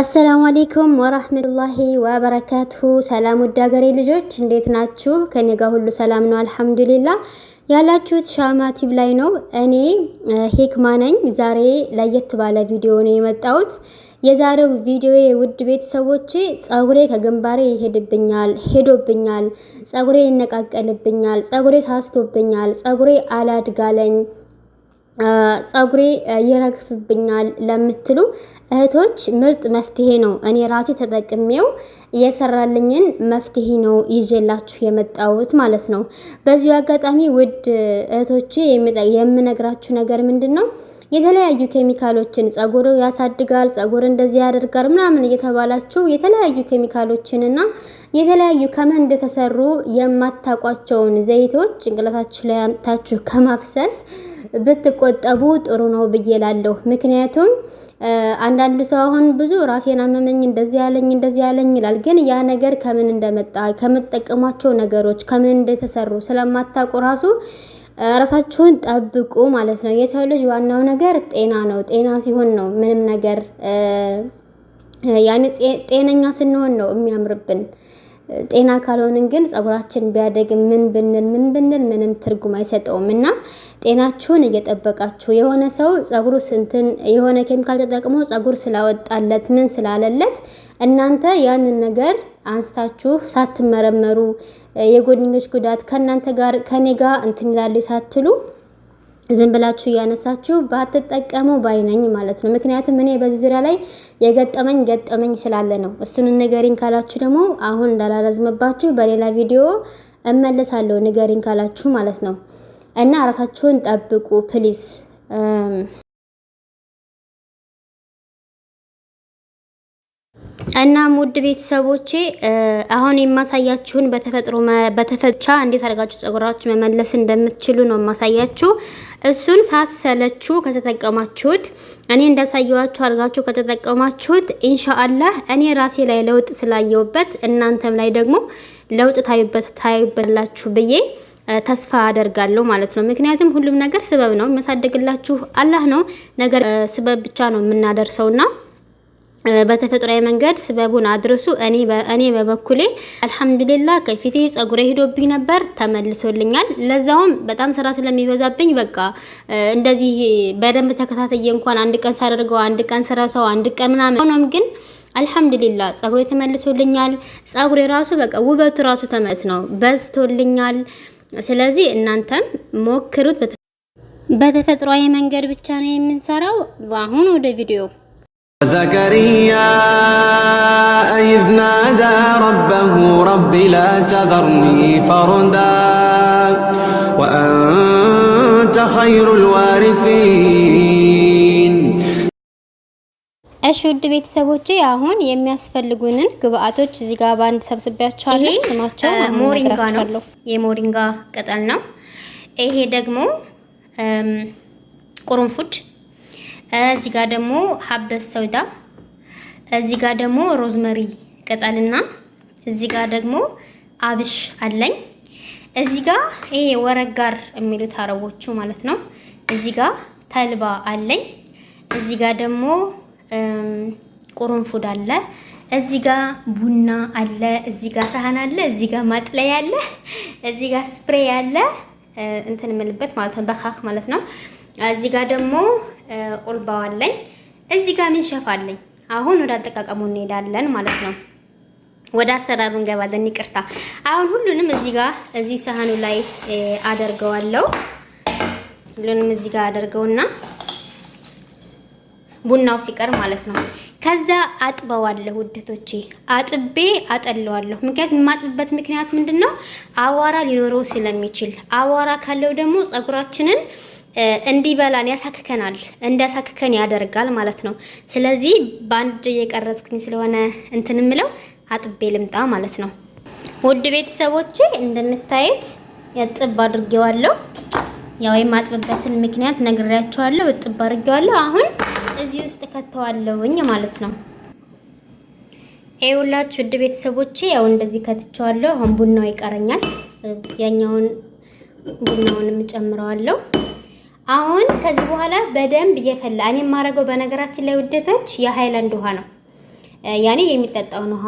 አሰላሙ አሌይኩም ወራህመቱላሂ ወበረካቱሁ። ሰላም ውድ ሀገሬ ልጆች እንዴት ናችሁ? ከኔ ጋር ሁሉ ሰላም ነው አልሐምዱሊላ። ያላችሁት ሻማ ቲቪ ላይ ነው። እኔ ሂክማ ነኝ። ዛሬ ለየት ባለ ቪዲዮ ነው የመጣሁት። የዛሬው ቪዲዮ ውድ ቤተሰቦቼ ጸጉሬ ከግንባሬ ይሄድብኛል፣ ሄዶብኛል፣ ጸጉሬ ይነቃቀልብኛል፣ ጸጉሬ ሳስቶብኛል፣ ጸጉሬ አላድጋለኝ ፀጉሬ ይረግፍብኛል ለምትሉ እህቶች ምርጥ መፍትሄ ነው። እኔ ራሴ ተጠቅሜው የሰራልኝን መፍትሄ ነው ይዤላችሁ የመጣሁት ማለት ነው። በዚሁ አጋጣሚ ውድ እህቶቼ የምነግራችሁ ነገር ምንድን ነው? የተለያዩ ኬሚካሎችን ፀጉር ያሳድጋል፣ ፀጉር እንደዚህ ያደርጋል ምናምን እየተባላችሁ የተለያዩ ኬሚካሎችን የተለያዩ ከምን እንደተሰሩ የማታውቋቸውን ዘይቶች ጭንቅላታችሁ ላይ አምጥታችሁ ከማፍሰስ ብትቆጠቡ ጥሩ ነው ብዬ ላለሁ። ምክንያቱም አንዳንዱ ሰው አሁን ብዙ ራሴን አመመኝ እንደዚህ ያለኝ እንደዚህ ያለኝ ይላል። ግን ያ ነገር ከምን እንደመጣ ከምጠቀሟቸው ነገሮች ከምን እንደተሰሩ ስለማታውቁ ራሱ ራሳችሁን ጠብቁ ማለት ነው። የሰው ልጅ ዋናው ነገር ጤና ነው። ጤና ሲሆን ነው ምንም ነገር ያኔ ጤነኛ ስንሆን ነው የሚያምርብን። ጤና ካልሆንን ግን ጸጉራችን ቢያደግ ምን ብንል ምን ብንል ምንም ትርጉም አይሰጠውም። እና ጤናችሁን እየጠበቃችሁ የሆነ ሰው ጸጉሩ ስንትን የሆነ ኬሚካል ተጠቅሞ ጸጉር ስላወጣለት ምን ስላለለት እናንተ ያንን ነገር አንስታችሁ ሳትመረመሩ የጎንዮሽ ጉዳት ከእናንተ ጋር ከኔ ጋር እንትን ይላሉ ሳትሉ ዝም ብላችሁ እያነሳችሁ ባትጠቀሙ ባይነኝ ማለት ነው። ምክንያቱም እኔ በዚህ ዙሪያ ላይ የገጠመኝ ገጠመኝ ስላለ ነው። እሱን ንገሪኝ ካላችሁ ደግሞ አሁን እንዳላረዝምባችሁ በሌላ ቪዲዮ እመለሳለሁ። ንገሪኝ ካላችሁ ማለት ነው እና ራሳችሁን ጠብቁ ፕሊስ። እናም ውድ ቤተሰቦቼ አሁን የማሳያችሁን በተፈጥሮ በተፈቻ እንዴት አድርጋችሁ ጸጉራችሁ መመለስ እንደምትችሉ ነው የማሳያችሁ። እሱን ሳትሰለችሁ ከተጠቀማችሁት እኔ እንዳሳየዋችሁ አድርጋችሁ ከተጠቀማችሁት ኢንሻአላህ እኔ ራሴ ላይ ለውጥ ስላየውበት እናንተም ላይ ደግሞ ለውጥ ታዩበት ታዩበላችሁ ብዬ ተስፋ አደርጋለሁ ማለት ነው። ምክንያቱም ሁሉም ነገር ስበብ ነው፣ የሚያሳድግላችሁ አላህ ነው። ነገር ስበብ ብቻ ነው የምናደርሰውና በተፈጥሯዊ መንገድ ስበቡን አድርሱ። እኔ በበኩሌ አልሐምዱሊላ ከፊቴ ጸጉሬ ሄዶብኝ ነበር ተመልሶልኛል። ለዛውም በጣም ስራ ስለሚበዛብኝ በቃ እንደዚህ በደንብ ተከታተየ እንኳን አንድ ቀን ሳደርገው አንድ ቀን ስራ ሰው አንድ ቀን ምናምን ሆኖም ግን አልሐምዱሊላ ጸጉሬ ተመልሶልኛል። ጸጉሬ ራሱ በቃ ውበቱ ራሱ ተመልስ ነው በዝቶልኛል። ስለዚህ እናንተም ሞክሩት። በተፈጥሯዊ መንገድ ብቻ ነው የምንሰራው። አሁን ወደ ቪዲዮ وزكريا إذ نادى ربه رب لا تذرني فردا وأنت خير الوارثين እሺ ውድ ቤተሰቦቼ አሁን የሚያስፈልጉንን ግብአቶች እዚህ ጋር በአንድ ሰብስቢያቸዋለሁ። ስማቸው ሞሪንጋ ነው፣ የሞሪንጋ ቅጠል ነው። ይሄ ደግሞ ቁርንፉድ እዚህ ጋር ደግሞ ሀበስ ሰውዳ፣ እዚህ ጋር ደግሞ ሮዝመሪ ቅጠልና እዚህ ጋር ደግሞ አብሽ አለኝ። እዚህ ጋር ይሄ ወረጋር የሚሉት አረቦቹ ማለት ነው። እዚህ ጋር ተልባ አለኝ። እዚህ ጋር ደግሞ ቁርንፉድ አለ። እዚህ ጋር ቡና አለ። እዚህ ጋር ሳህን አለ። እዚህ ጋር ማጥለያ አለ። እዚህ ጋር ስፕሬይ አለ። እንትን የምልበት ማለት ነው፣ በካክ ማለት ነው። እዚህ ጋር ደግሞ ቁልባዋለኝ እዚህ ጋር ምንሸፋለኝ። አሁን ወደ አጠቃቀሙ እንሄዳለን ማለት ነው። ወደ አሰራሩ እንገባለን። ይቅርታ አሁን ሁሉንም እዚህ ጋር እዚህ ሳህኑ ላይ አደርገዋለሁ። ሁሉንም እዚህ ጋር አደርገውና ቡናው ሲቀር ማለት ነው። ከዛ አጥበዋለሁ ውደቶቼ፣ አጥቤ አጠለዋለሁ። ምክንያት የማጥብበት ምክንያት ምንድን ነው? አዋራ ሊኖረው ስለሚችል አዋራ ካለው ደግሞ ፀጉራችንን እንዲበላን ያሳክከናል፣ እንዲያሳክከን ያደርጋል ማለት ነው። ስለዚህ በአንድ እየቀረጽኩኝ ስለሆነ እንትን ምለው አጥቤ ልምጣ ማለት ነው። ውድ ቤተሰቦቼ እንደምታዩት ያጥብ አድርጌዋለሁ። ያው የማጥብበትን ምክንያት ነግሬያቸዋለሁ። እጥብ አድርጌዋለሁ። አሁን እዚህ ውስጥ ከተዋለውኝ ማለት ነው። ይኸውላችሁ ውድ ቤተሰቦቼ ያው እንደዚህ ከትቸዋለሁ። አሁን ቡናው ይቀረኛል። ያኛውን ቡናውንም ጨምረዋለሁ። አሁን ከዚህ በኋላ በደንብ እየፈላ እኔ የማደርገው በነገራችን ላይ ውደቶች የሀይላንድ ውሃ ነው። ያኔ የሚጠጣውን ውሃ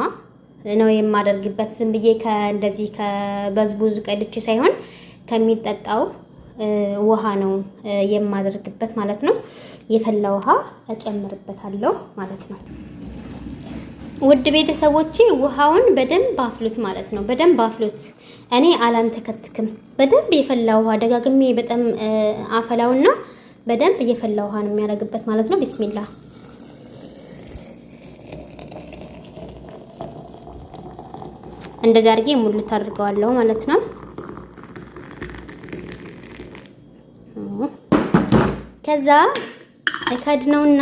ነው የማደርግበት። ዝም ብዬ ከእንደዚህ ከበዝቡዝ ቀድቼ ሳይሆን ከሚጠጣው ውሃ ነው የማደርግበት ማለት ነው። የፈላ ውሃ እጨምርበታለሁ ማለት ነው። ውድ ቤተሰቦቼ ውሃውን በደንብ አፍሉት ማለት ነው። በደንብ አፍሉት። እኔ አላንተከትክም። በደንብ የፈላ ውሃ ደጋግሜ በጣም አፈላውና በደንብ እየፈላ ውሃ ነው የሚያደርግበት ማለት ነው። ቢስሚላ እንደዚህ አድርጌ ሙሉት አድርገዋለሁ ማለት ነው። ከዛ እከድነውና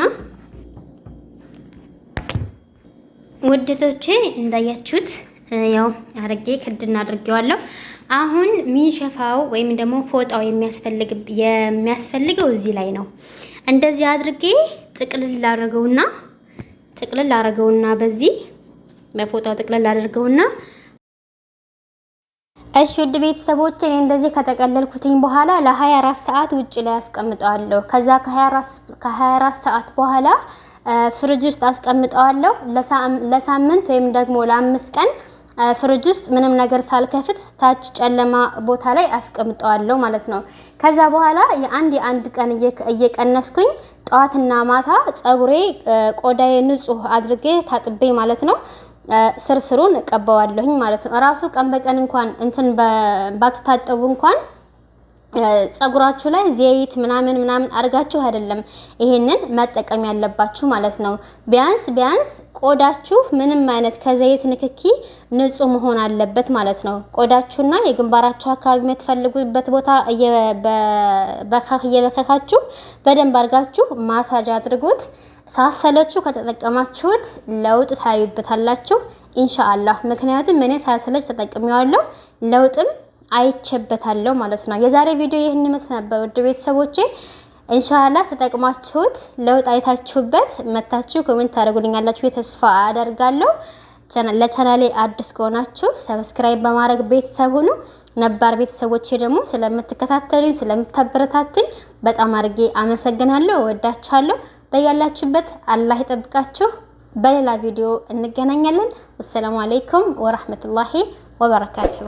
ወደቶቼ እንዳያችሁት ያው አረጌ ክድና አድርጌዋለሁ። አሁን ሚንሸፋው ወይም ደግሞ ፎጣው የሚያስፈልገው እዚህ ላይ ነው። እንደዚህ አድርጌ ጥቅልል አድርገውና ጥቅልል አድርገውና በዚህ በፎጣው ጥቅልል አድርገውና እሺ ውድ ቤተሰቦች እኔ እንደዚህ ከተቀለልኩትኝ በኋላ ለ24 ሰዓት ውጭ ላይ አስቀምጠዋለሁ። ከዛ ከ24 ሰዓት በኋላ ፍሪጅ ውስጥ አስቀምጠዋለሁ። ለሳምንት ወይም ደግሞ ለአምስት ቀን ፍሪጅ ውስጥ ምንም ነገር ሳልከፍት ታች ጨለማ ቦታ ላይ አስቀምጠዋለሁ ማለት ነው። ከዛ በኋላ የአንድ የአንድ ቀን እየቀነስኩኝ ጠዋትና ማታ ፀጉሬ፣ ቆዳዬ ንጹህ አድርጌ ታጥቤ ማለት ነው ስርስሩን እቀባዋለሁኝ ማለት ነው። ራሱ ቀን በቀን እንኳን እንትን ባትታጠቡ እንኳን ጸጉራችሁ ላይ ዘይት ምናምን ምናምን አድርጋችሁ አይደለም ይሄንን መጠቀም ያለባችሁ ማለት ነው። ቢያንስ ቢያንስ ቆዳችሁ ምንም አይነት ከዘይት ንክኪ ንጹህ መሆን አለበት ማለት ነው። ቆዳችሁና የግንባራችሁ አካባቢ የምትፈልጉበት ቦታ እየበከካችሁ በደንብ አድርጋችሁ ማሳጅ አድርጉት። ሳሰለችሁ ከተጠቀማችሁት ለውጥ ታዩበታላችሁ ኢንሻአላህ። ምክንያቱም እኔ ሳሰለች ተጠቅሜዋለሁ ለውጥም አይቼበታለሁ ማለት ነው። የዛሬ ቪዲዮ ይህን ይመስል ነበር። ውድ ቤተሰቦቼ ኢንሻአላህ ተጠቅማችሁት ለውጥ አይታችሁበት መታችሁ ኮሜንት ታደርጉልኛላችሁ ተስፋ አደርጋለሁ። ለቻናሌ አዲስ ከሆናችሁ ሰብስክራይብ በማድረግ ቤተሰብ ሁኑ። ነባር ቤተሰቦቼ ደግሞ ስለምትከታተሉኝ ስለምታበረታቱኝ በጣም አድርጌ አመሰግናለሁ። ወዳችኋለሁ። በያላችሁበት አላህ ይጠብቃችሁ። በሌላ ቪዲዮ እንገናኛለን። ወሰላሙ አለይኩም ወራህመቱላሂ ወበረካቱሁ።